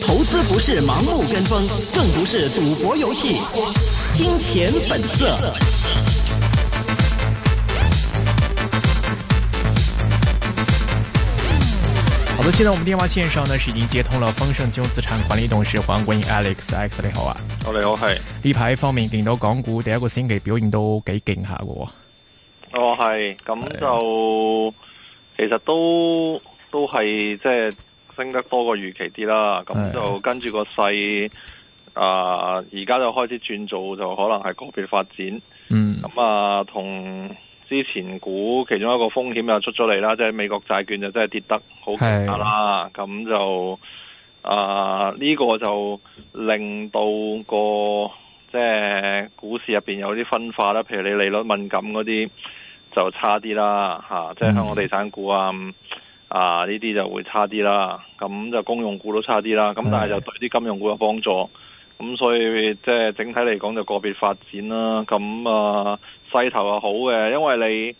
投資不是盲目跟風，更不是賭博遊戲，金錢本色。好的，現在我們電話線上呢是已經接通了豐盛金融資產管理董事黃國英 Alex，Alex 你好啊，oh, 你好係。呢排方面，頂多港股第一個星期表現都幾勁下㗎。哦係、oh,，咁就。 其實都都係即係升得多過預期啲啦，咁 就跟住個勢，啊而家就開始轉做就可能係個別發展，嗯，咁 啊同之前股其中一個風險又出咗嚟啦。即、就、係、是、美國債券就真係跌得好勁啦，咁 就啊呢、呃這個就令到個即係、就是、股市入邊有啲分化啦，譬如你利率敏感嗰啲。就差啲啦，嚇、啊，即係香港地產股啊，啊呢啲就會差啲啦，咁、啊、就公用股都差啲啦，咁、啊、但係就對啲金融股有幫助，咁的、嗯、所以即係整體嚟講就個別發展啦，咁啊勢頭啊好嘅，因為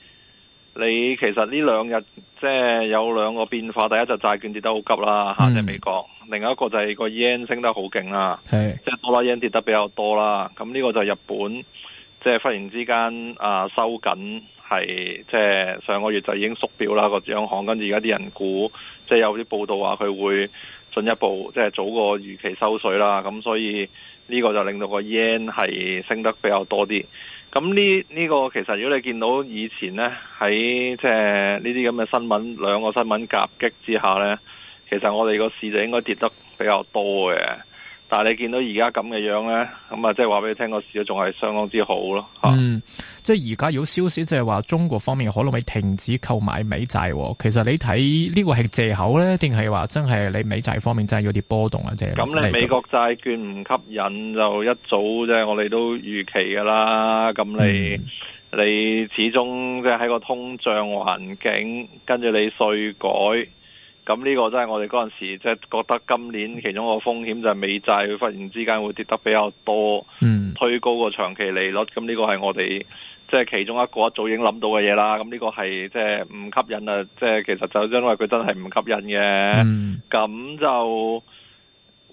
你你其實呢兩日即係有兩個變化，第一就債券跌得好急啦，吓即係美國，另一個就係個 yen 升得好勁啦，係的即係多啦 yen 跌得比較多啦，咁、啊、呢、這個就係日本即係忽然之間啊收緊。係即係上個月就已經縮表啦個央行，跟住而家啲人估，即係有啲報道話佢會進一步即係早過預期收水啦，咁所以呢個就令到個 yen 係升得比較多啲。咁呢呢個其實如果你見到以前呢，喺即係呢啲咁嘅新聞、兩個新聞夾擊之下呢，其實我哋個市就應該跌得比較多嘅。但係你見到而家咁嘅樣咧，咁啊，即係話俾你聽個市仲係相當之好咯。啊、嗯，即係而家有消息即係話中國方面可能咪停止購買美債，其實你睇呢個係借口咧，定係話真係你美債方面真係有啲波動啊？即係咁，你美國債券唔吸引就一早即係我哋都預期噶啦。咁你、嗯、你始終即係喺個通脹環境，跟住你稅改。咁呢個真係我哋嗰陣時，即係覺得今年其中一個風險就係美債，忽然之間會跌得比較多，嗯、推高個長期利率。咁、這、呢個係我哋即係其中一個一早已經諗到嘅嘢啦。咁、這、呢個係即係唔吸引啊！即係其實就因為佢真係唔吸引嘅。咁、嗯、就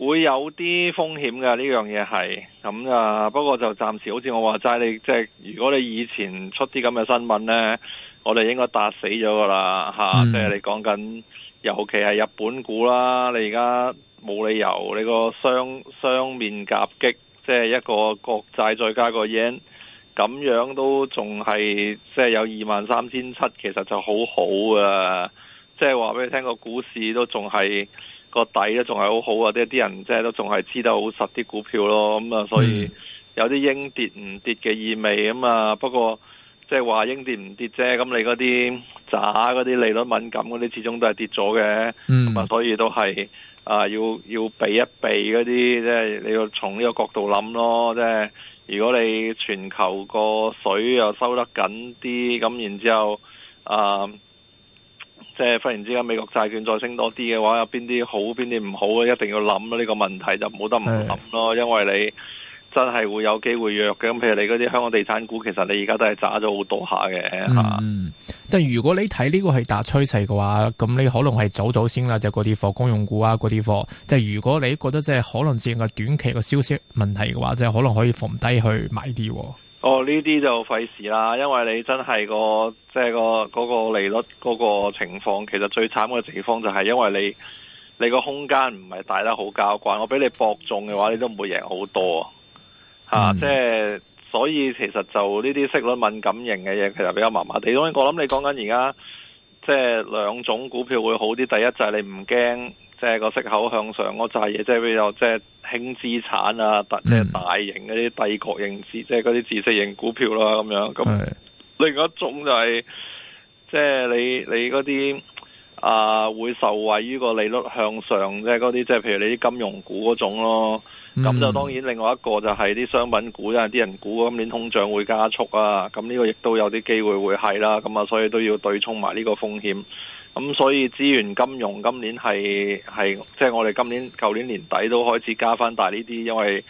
會有啲風險嘅呢樣嘢係。咁啊，不過就暫時好似我話齋，你即係如果你以前出啲咁嘅新聞呢，我哋應該達死咗噶啦吓，即、啊、係、嗯、你講緊。尤其係日本股啦，你而家冇理由，你個雙雙面夾擊，即係一個國債再加個 yen，咁樣都仲係即係有二萬三千七，其實就好好啊！即係話俾你聽，個股市都仲係個底都仲係好好啊！即係啲人即係都仲係知得好實啲股票咯，咁、嗯、啊，所以有啲應跌唔跌嘅意味吖嘛、嗯。不過。即係話應跌唔跌啫，咁你嗰啲渣嗰啲利率敏感嗰啲始終都係跌咗嘅，咁啊、嗯、所以都係啊、呃、要要避一避嗰啲，即係你要從呢個角度諗咯，即係如果你全球個水又收得緊啲，咁然之後啊、呃，即係忽然之間美國債券再升多啲嘅話，有邊啲好，邊啲唔好，一定要諗呢個問題就冇得唔諗咯，是因為你。真係會有機會弱嘅，咁譬如你嗰啲香港地產股，其實你而家都係揸咗好多下嘅吓。嗯嗯、但係如果你睇呢個係大趨勢嘅話，咁你可能係早早先啦，就嗰啲貨公用股啊，嗰啲貨。即係如果你覺得即係可能只係短期個消息問題嘅話，即係可能可以逢低去買啲。哦，呢啲就費事啦，因為你真係個即係個嗰個利率嗰個情況，其實最慘嘅地方就係因為你你個空間唔係大得好交關，我俾你博中嘅話，你都唔會贏好多。啊，即、就、係、是、所以其實就呢啲息率敏感型嘅嘢，其實比較麻麻地。因為我諗你講緊而家，即係兩種股票會好啲。第一就係你唔驚，即係個息口向上嗰扎嘢，即、就、係、是、比如即係輕資產啊，即係、嗯、大型嗰啲帝國型資，即係嗰啲知識型股票啦、啊，咁樣。咁，是的 另一種就係、是、即、就、係、是、你你嗰啲啊會受惠於個利率向上，即係嗰啲即係譬如你啲金融股嗰種咯。咁就、嗯、當然，另外一個就係啲商品股，因為啲人估今年通脹會加速啊，咁呢個亦都有啲機會會係啦，咁啊，所以都要對沖埋呢個風險。咁所以資源金融今年係係，即係、就是、我哋今年舊年年底都開始加返大呢啲，因為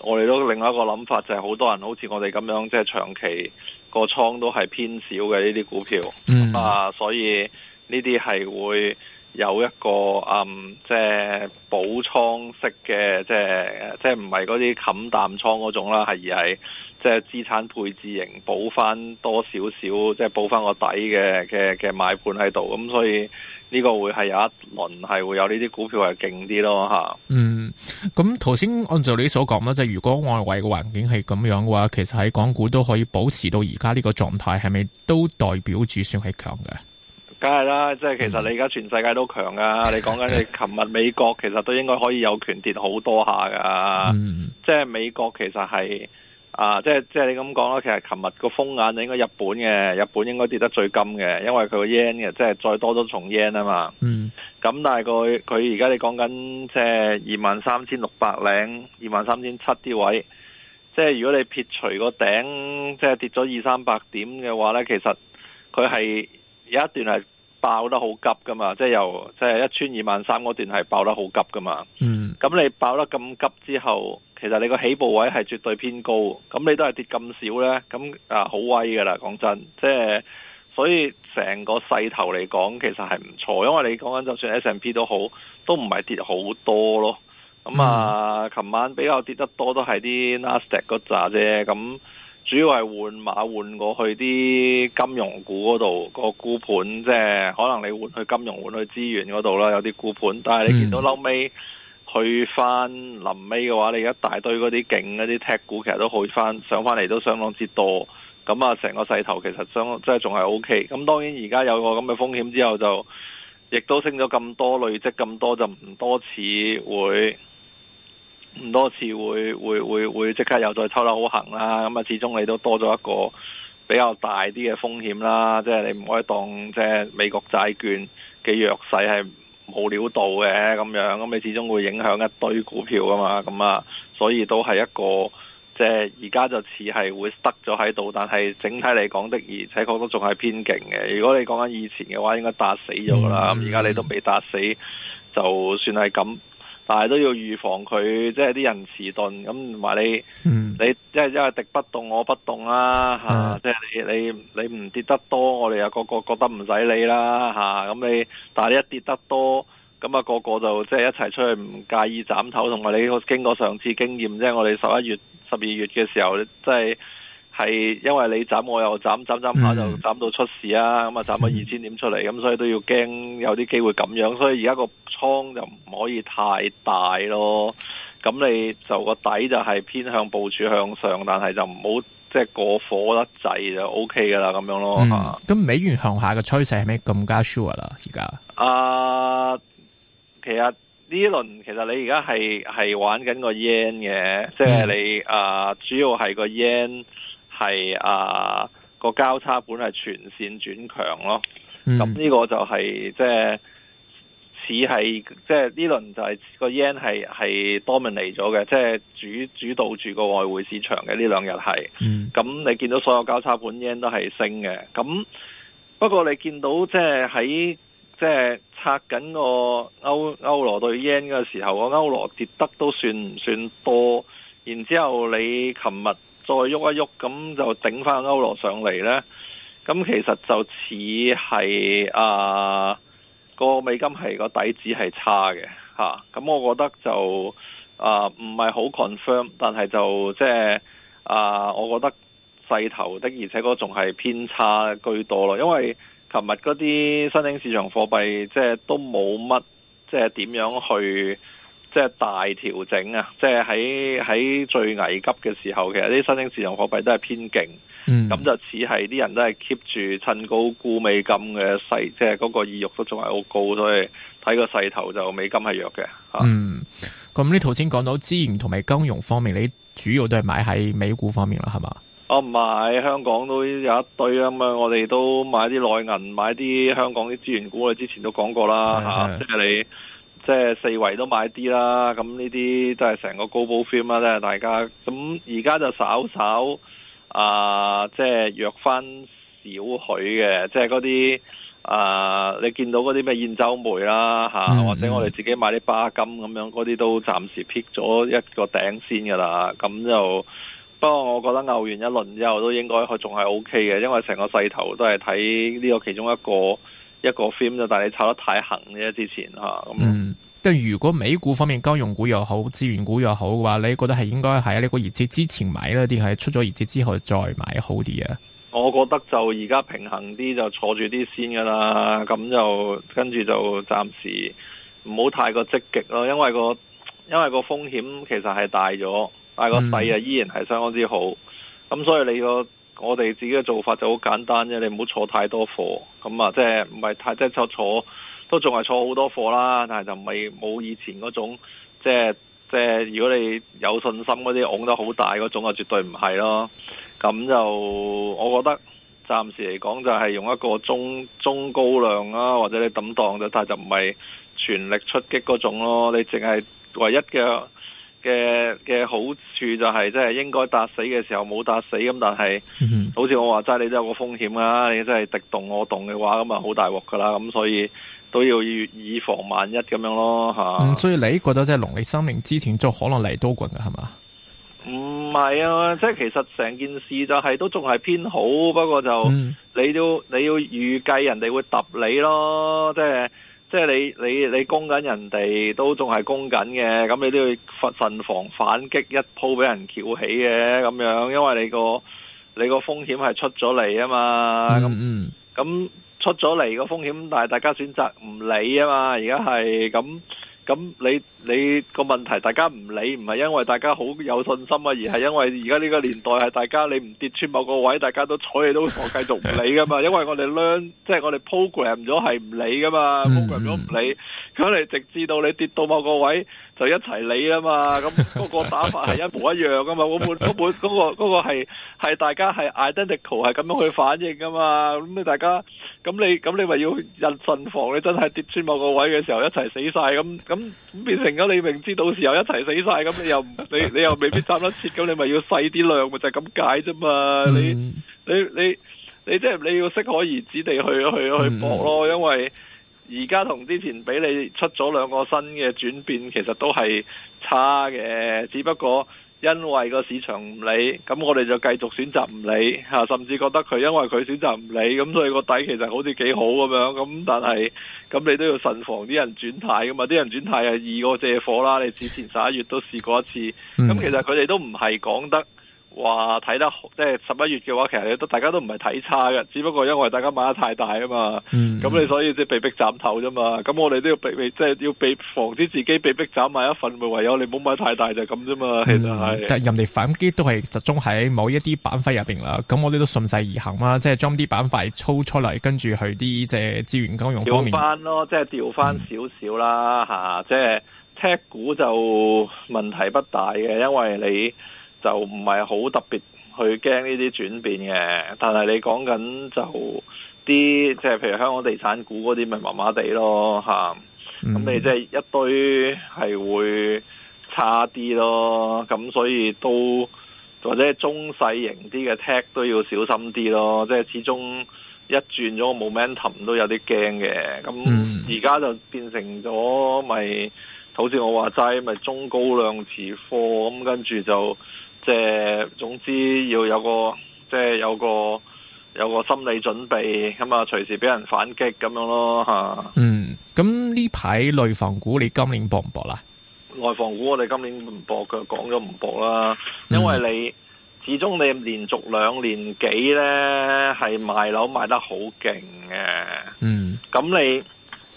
我哋都另外一個諗法就係、是、好多人好似我哋咁樣，即、就、係、是、長期個倉都係偏少嘅呢啲股票、嗯、啊，所以呢啲係會。有一個嗯，即係補倉式嘅，即係即係唔係嗰啲冚淡倉嗰種啦，係而係即係資產配置型補翻多少少，即係補翻個底嘅嘅嘅買盤喺度。咁、嗯、所以呢個會係有一輪係會有呢啲股票係勁啲咯嚇。嗯，咁頭先按照你所講啦，即係如果外圍嘅環境係咁樣嘅話，其實喺港股都可以保持到而家呢個狀態，係咪都代表住算係強嘅？梗係啦，即係其實你而家全世界都強啊！你講緊你琴日美國其實都應該可以有權跌好多下噶， 即係美國其實係啊，即係即係你咁講啦，其實琴日個風眼應該日本嘅，日本應該跌得最甘嘅，因為佢個 yen 嘅，即係再多都重 yen 啊嘛。咁 但係佢佢而家你講緊即係二萬三千六百零、二萬三千七啲位，即係如果你撇除個頂，即係跌咗二三百點嘅話呢，其實佢係有一段係，爆得好急噶嘛，即係由即係一千二萬三嗰段係爆得好急噶嘛。嗯，咁你爆得咁急之後，其實你個起步位係絕對偏高，咁你都係跌咁少咧，咁啊好威噶啦，講真，即係所以成個勢頭嚟講，其實係唔錯，因為你講緊就算 S&P 都好，都唔係跌好多咯。咁、嗯、啊，琴晚比較跌得多都係啲 Nasdaq 嗰扎啫，咁。主要係換馬換過去啲金融股嗰度個固盤，即係可能你換去金融換去資源嗰度啦，有啲固盤。但係你見到嬲尾去翻臨尾嘅話，你一大堆嗰啲勁嗰啲踢股，其實都去翻上翻嚟都相當之多。咁啊，成個勢頭其實相即係仲係 OK。咁當然而家有個咁嘅風險之後就，就亦都升咗咁多累積咁多，就唔多似會。唔多次會會會會即刻又再抽得好行啦，咁啊，始終你都多咗一個比較大啲嘅風險啦，即係你唔可以當即係美國債券嘅弱勢係冇料到嘅咁樣，咁你始終會影響一堆股票㗎嘛，咁啊所以都係一個即係而家就似係會得咗喺度，但係整體嚟講的而且確都仲係偏勁嘅。如果你講緊以前嘅話，應該達死咗啦，咁而家，嗯嗯，你都未達死，就算係咁。但係都要預防佢，即係啲人遲鈍咁，同埋你，嗯，你，你即係因為敵不動我不動啦嚇，即係你你你唔跌得多，我哋又個個覺得唔使理啦嚇，咁你但係你一跌得多，咁啊個個就即係一齊出去唔介意斬頭，同埋你經過上次經驗啫，即係我哋十一月十二月嘅時候即係。係，因為你斬我又斬斬斬下就斬到出事啊！咁啊、嗯，斬咗二千點出嚟，咁、嗯、所以都要驚有啲機會咁樣，所以而家個倉就唔可以太大咯。咁你就個底就係偏向部署向上，但係就唔好即係過火得滯就 OK 噶啦，咁樣咯。咁、嗯、美元向下嘅趨勢係咪更加 sure 啦？而家啊，其實呢一輪其實你而家係係玩緊個 yen 嘅，即係、嗯、你啊主要係個 yen。係啊，個交叉盤係全線轉強咯。咁呢、嗯、個就係即係似係即係呢輪就係、是就是、個 yen 係係 dominate 咗嘅，即係、就是、主主導住個外匯市場嘅呢兩日係。咁、嗯、你見到所有交叉盤 yen 都係升嘅。咁不過你見到即係喺即係拆緊個歐歐羅對 yen 嘅時候，個歐羅跌得都算唔算多？然之後你琴日。再喐一喐，咁就整翻歐羅上嚟呢，咁其實就似係啊，個美金係個底子係差嘅嚇，咁、啊、我覺得就啊唔係好 confirm，但係就即係啊，我覺得勢頭的，而且嗰仲係偏差居多咯，因為琴日嗰啲新興市場貨幣即係、就是、都冇乜即係點樣去。即係大調整啊！即係喺喺最危急嘅時候，其實啲新興市場貨幣都係偏勁，咁、嗯、就似係啲人都係 keep 住趁高沽美金嘅勢，即係嗰個意欲都仲係好高，所以睇個勢頭就美金係弱嘅。啊、嗯，咁呢頭先講到資源同埋金融方面，你主要都係買喺美股方面啦，係嘛？我唔係、啊、香港都有一堆啊嘛、嗯，我哋都買啲內銀，買啲香港啲資源股，你之前都講過啦，吓、啊，即係你。即係四圍都買啲啦，咁呢啲都係成個高保 film 啦，大家咁而家就稍稍啊、呃，即係約翻少許嘅，即係嗰啲啊，你見到嗰啲咩兗州煤啦吓，啊、嗯嗯或者我哋自己買啲巴金咁樣，嗰啲都暫時撇咗一個頂先噶啦，咁就不過我覺得拗完一輪之後都應該仲係 OK 嘅，因為成個勢頭都係睇呢個其中一個。一個 film 就，但係你炒得太行啫，之前吓咁。嗯，咁、嗯、如果美股方面金融股又好，資源股又好嘅話，你覺得係應該喺呢個業績之前買咧，定係出咗業績之後再買好啲啊？我覺得就而家平衡啲，就坐住啲先噶啦。咁就跟住就暫時唔好太過積極咯，因為個因為個風險其實係大咗，但係個勢啊依然係相當之好。咁、嗯、所以你個。我哋自己嘅做法就好簡單啫，你唔好坐太多貨，咁啊，即係唔係太即係坐，都仲係坐好多貨啦，但係就唔係冇以前嗰種，即係即係如果你有信心嗰啲，戇得好大嗰種啊，絕對唔係咯。咁就我覺得暫時嚟講就係用一個中中高量啊，或者你抌檔就，但係就唔係全力出擊嗰種咯，你淨係唯一嘅。嘅嘅好處就係、是，即係應該踏死嘅時候冇踏死咁，但係好似我話齋，你都有個風險啊！你真係敵動我動嘅話，咁啊好大鑊噶啦！咁所以都要以防萬一咁樣咯嚇、嗯。所以你覺得即係農曆新年之前仲可能嚟多棍嘅係嘛？唔係、嗯、啊，即係其實成件事就係、是、都仲係偏好，不過就、嗯、你都你要預計人哋會揼你咯，即係。即係你你你攻緊人哋，都仲係攻緊嘅，咁你都要防慎防反擊一，一鋪俾人撬起嘅咁樣，因為你個你個風險係出咗嚟啊嘛，咁咁、嗯嗯、出咗嚟個風險，但係大家選擇唔理啊嘛，而家係咁。咁你你個問題大家唔理，唔係因為大家好有信心啊，而係因為而家呢個年代係大家你唔跌穿某個位，大家都睬你都傻，繼續唔理噶嘛。因為我哋 learn 即係我哋 program 咗係唔理噶嘛 ，program 咗唔理，咁你直至到你跌到某個位。就一齊理啊嘛，咁嗰個打法係一模一樣啊嘛，我本本嗰個嗰個係係大家係 identical 係咁樣去反應啊嘛，咁你大家咁你咁你咪要人信防你真係跌穿某個位嘅時候一齊死晒，咁咁變成咗你明知到時候一齊死晒，咁你又你你又未必斬得切，咁你咪要細啲量咪就咁解啫嘛，你你你你即係你要適可而止地去去去搏咯，因為。而家同之前俾你出咗兩個新嘅轉變，其實都係差嘅。只不過因為個市場唔理，咁我哋就繼續選擇唔理吓，甚至覺得佢因為佢選擇唔理，咁所以個底其實好似幾好咁樣。咁但係咁你都要慎防啲人轉態㗎嘛？啲人轉態係，易過借火啦。你之前十一月都試過一次，咁其實佢哋都唔係講得，話睇得好，即係十一月嘅話，其實都大家都唔係睇差嘅，只不過因為大家買得太大啊嘛，咁、嗯、你所以即係被逼斬頭啫嘛，咁我哋都要避，即係要避，防止自己被逼斬埋一份，咪唯有你唔好買太大就咁啫嘛，其實、嗯、但係人哋反擊都係集中喺某一啲板塊入邊啦，咁我哋都順勢而行啦，即係將啲板塊操出嚟，跟住去啲即係資源金融方面，調翻咯，即係調翻少少啦吓、嗯啊，即係踢股就問題不大嘅，因為你。就唔係好特別去驚呢啲轉變嘅，但係你講緊就啲即係譬如香港地產股嗰啲咪麻麻地咯吓，咁、啊嗯、你即係一堆係會差啲咯，咁所以都或者中細型啲嘅 tech 都要小心啲咯，即係始終一轉咗個 momentum 都有啲驚嘅，咁而家就變成咗咪好似我話齋咪中高量持貨咁，跟住就。即係總之要有個即係有個有個心理準備，咁啊隨時俾人反擊咁樣咯吓。嗯，咁呢排內房股你今年搏唔搏啦？內房股我哋今年唔搏嘅，佢講咗唔搏啦。因為你、嗯、始終你連續兩年幾咧係賣樓賣得好勁嘅。嗯，咁你。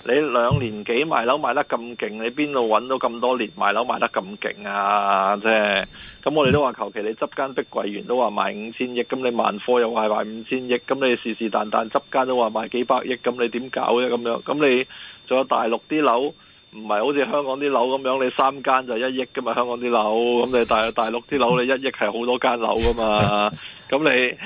你兩年幾賣樓賣得咁勁，你邊度揾到咁多年賣樓賣得咁勁啊？即係咁，嗯嗯、我哋都話求其你執間碧桂園都話賣五千億，咁你萬科又話係賣五千億，咁你是是旦旦執間都話賣幾百億，咁你點搞咧？咁樣咁你仲有大陸啲樓唔係好似香港啲樓咁樣，你三間就一億噶嘛？香港啲樓咁你大大陸啲樓你一億係好多間樓噶嘛？咁你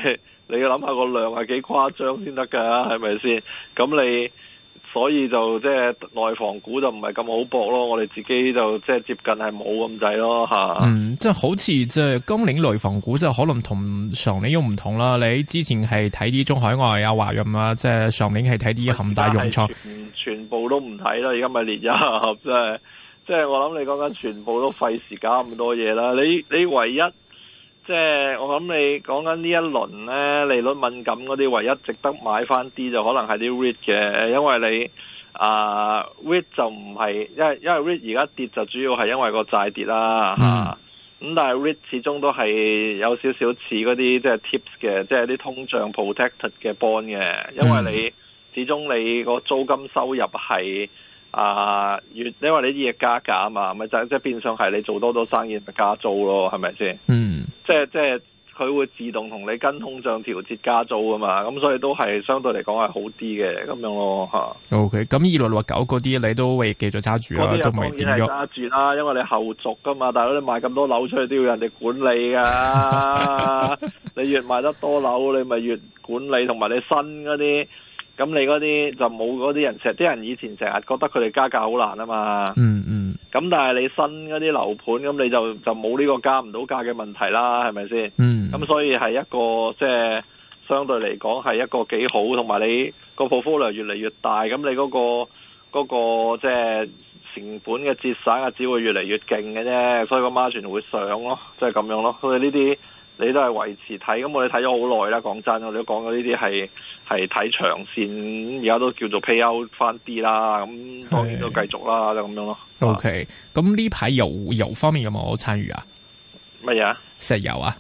你要諗下個量係幾誇張先得噶？係咪先？咁你。你想想所以就即係內房股就唔係咁好搏咯，我哋自己就即係、就是、接近係冇咁滯咯吓。嗯，即係好似即係今年內房股即係可能同上年又唔同啦。你之前係睇啲中海外啊、華潤啊，即係上年係睇啲恒大融創。嗯，全部都唔睇啦，而家咪列入即係即係我諗你講緊全部都費時間咁多嘢啦。你你唯一。即係我諗你講緊呢一輪咧，利率敏感嗰啲，唯一值得買翻啲就可能係啲 REIT 嘅，因為你啊 REIT 就唔係，因為因為 REIT 而家跌就主要係因為個債跌啦吓。咁、啊嗯、但係 REIT 始終都係有少少似嗰啲即係 tips 嘅，即係啲通脹 protected 嘅 bond 嘅，因為你、嗯、始終你個租金收入係啊越，因為你啲嘢加價啊嘛，咪就即、是、係變相係你做多多生意咪、就是、加租咯，係咪先？嗯。即係即係，佢會自動同你跟通脹調節加租啊嘛，咁所以都係相對嚟講係好啲嘅咁樣咯吓。OK，咁二六六九嗰啲你都會繼續揸住啊？都未點嗰啲當然係揸住啦，因為你後續噶嘛，大佬你賣咁多樓出去都要人哋管理噶， 你越賣得多樓，你咪越管理，同埋你新嗰啲，咁你嗰啲就冇嗰啲人，成啲人以前成日覺得佢哋加價好難啊嘛。嗯。咁但係你新嗰啲樓盤，咁你就就冇呢個加唔到價嘅問題啦，係咪先？嗯。咁所以係一個即係、即係、相對嚟講係一個幾好，同埋你個鋪貨量越嚟越大，咁你嗰、嗰個、嗰個即係、即係、成本嘅節省啊，只會越嚟越勁嘅啫，所以個 margin 會上咯，即係咁樣咯，所以呢啲。你都係維持睇，咁我哋睇咗好耐啦。講真，我哋都講咗呢啲係係睇長線，而家都叫做 pay 翻啲啦。咁是當然都繼續啦，就咁、是、樣咯。OK，咁呢排油油方面有冇參與啊？乜嘢麼？石油啊？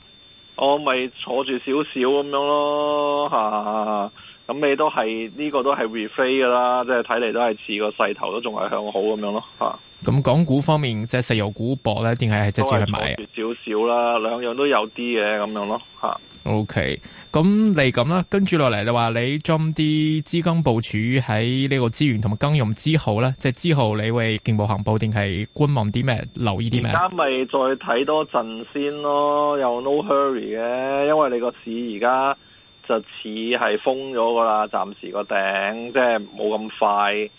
我咪坐住少少咁樣咯，嚇、啊。咁你都係呢個都係 refi 噶啦，即係睇嚟都係似個勢頭都仲係向好咁樣咯，吓。咁港股方面即係石油股博咧，定係係直接去買少少啦，兩樣都有啲嘅咁樣咯，吓、okay。O K，咁嚟咁啦，跟住落嚟就話你將啲資金部署喺呢個資源同埋金融之後咧，即係之後你會進步行步定係觀望啲咩？留意啲咩？而家咪再睇多陣先咯，又 no hurry 嘅，因為你個市而家。就似係封咗噶啦，暫時個頂即係冇咁快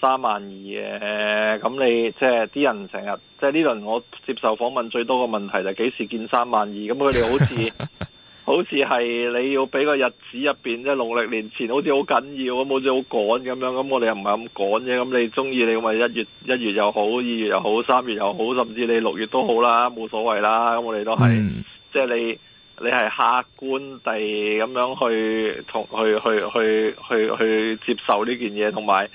三萬二嘅。咁你即係啲人成日即係呢輪我接受訪問最多嘅問題就幾時見三萬二，咁佢哋好似好似係你要俾個日子入邊即係農曆年前好，好似好緊要啊，好似好趕咁樣，咁我哋又唔係咁趕啫，咁你中意你咪一月一月又好，二月又好，三月又好，甚至你六月好都好啦，冇所謂啦，咁我哋都係即係你。你係客觀地咁樣去同去去去去去接受呢件嘢，同埋。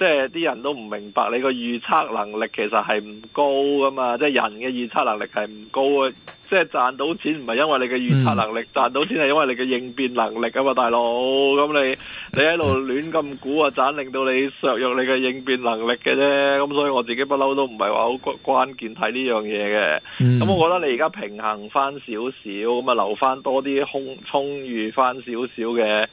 即係啲人都唔明白你個預測能力其實係唔高噶嘛，即係人嘅預測能力係唔高嘅。即係賺到錢唔係因為你嘅預測能力，嗯、賺到錢係因為你嘅應變能力啊嘛，大佬。咁你你喺度亂咁估啊，盞令到你削弱你嘅應變能力嘅啫。咁所以我自己不嬲都唔係話好關關鍵睇呢樣嘢嘅。咁、嗯、我覺得你而家平衡翻少少，咁啊留翻多啲空充裕翻少少嘅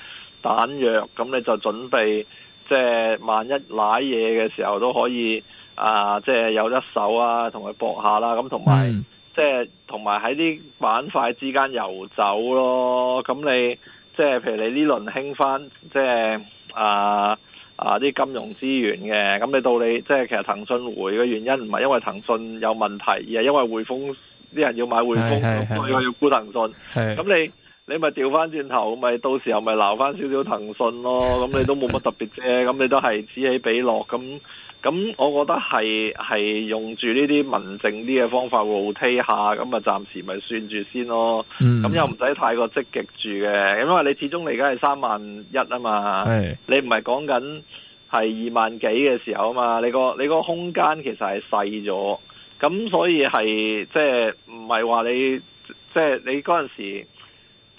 彈藥，咁你就準備。即係萬一攋嘢嘅時候都可以啊、呃！即係有一手啊，同佢搏下啦。咁同埋即係同埋喺啲板塊之間遊走咯。咁、嗯、你即係譬如你呢輪興翻即係、呃、啊啊啲金融資源嘅。咁、嗯、你到你即係其實騰訊回嘅原因唔係因為騰訊有問題，而係因為匯豐啲人要買匯豐，是是是是是所以要沽騰訊。咁你。你咪調翻轉頭，咪到時候咪撈返少少騰訊咯。咁 你都冇乜特別啫，咁你都係此起彼落咁。咁我覺得係係用住呢啲文靜啲嘅方法，rotate 下咁啊，暫時咪算住先咯。咁、嗯、又唔使太過積極住嘅，因為你始終你而家係三萬一啊嘛， 你唔係講緊係二萬幾嘅時候啊嘛。你個你個空間其實係細咗，咁所以係即係唔係話你即係你嗰陣時。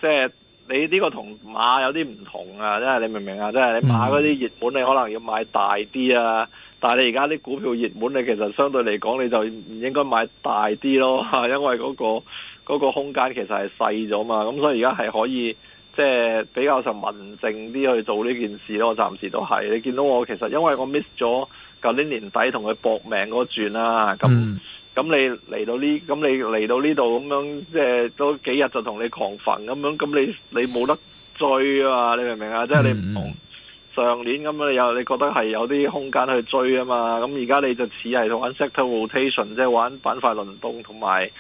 即係你呢個同馬有啲唔同啊，即係你明唔明啊？即係你買嗰啲熱門你可能要買大啲啊，但係你而家啲股票熱門你其實相對嚟講你就唔應該買大啲咯，吓，因為嗰個嗰個空間其實係細咗嘛。咁所以而家係可以即係比較就文靜啲去做呢件事咯。暫時都係你見到我其實因為我 miss 咗舊年年底同佢搏命嗰轉啦。咁。嗯咁你嚟到呢，咁你嚟到呢度咁樣，即係都幾日就同你狂焚咁樣，咁你你冇得追啊嘛，你明唔明啊？即係、嗯、你唔同、嗯、上年咁你又你覺得係有啲空間去追啊嘛。咁而家你就似係同玩 sector rotation，即係玩板塊輪動，同埋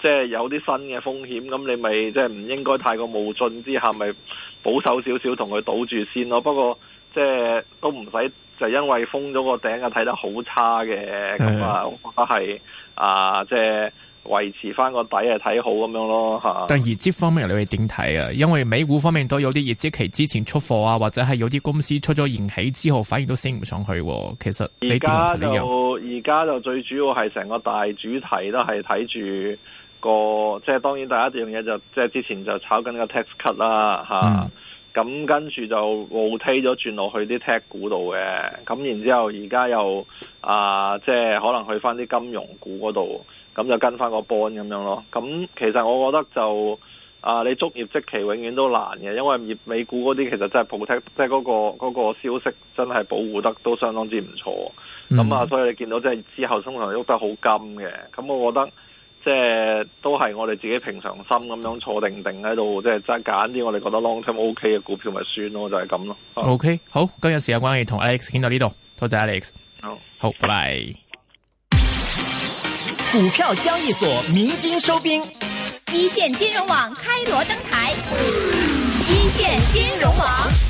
即係有啲新嘅風險。咁你咪即係唔應該太過冒進，之下咪、就是、保守少少同佢賭住先咯、啊。不過即係都唔使就是、因為封咗個頂啊，睇得好差嘅，咁的啊，我覺得係。啊，即係維持翻個底係睇好咁樣咯吓。啊、但係熱資方面你會點睇啊？因為美股方面都有啲業績期之前出貨啊，或者係有啲公司出咗盈喜之後，反而都升唔上去。其實而家就而家就最主要係成個大主題都係睇住個，即係當然第一樣嘢就即係之前就炒緊個 tax cut 啦吓。嗯咁、嗯、跟住就倒踢咗轉落去啲 tech 股度嘅，咁然之後而家又啊、呃，即係可能去翻啲金融股嗰度，咁就跟翻個波咁樣咯。咁、嗯、其實我覺得就啊、呃，你捉業績期永遠都難嘅，因為業美股嗰啲其實真係保體，即係嗰、那個那個消息真係保護得都相當之唔錯。咁啊、嗯嗯，所以你見到即、就、係、是、之後通常喐得好金嘅，咁、嗯、我覺得。即係都係我哋自己平常心咁樣坐定定喺度，即係即係揀啲我哋覺得 long term O K 嘅股票咪算咯，就係咁咯。O Okay , K，、uh. 好，今日時間關係同 Alex 傾到呢度，多謝 Alex。好，uh. 好，拜拜。股票交易所鳴金收兵，一線金融網開鑼登台，一、嗯、線金融網。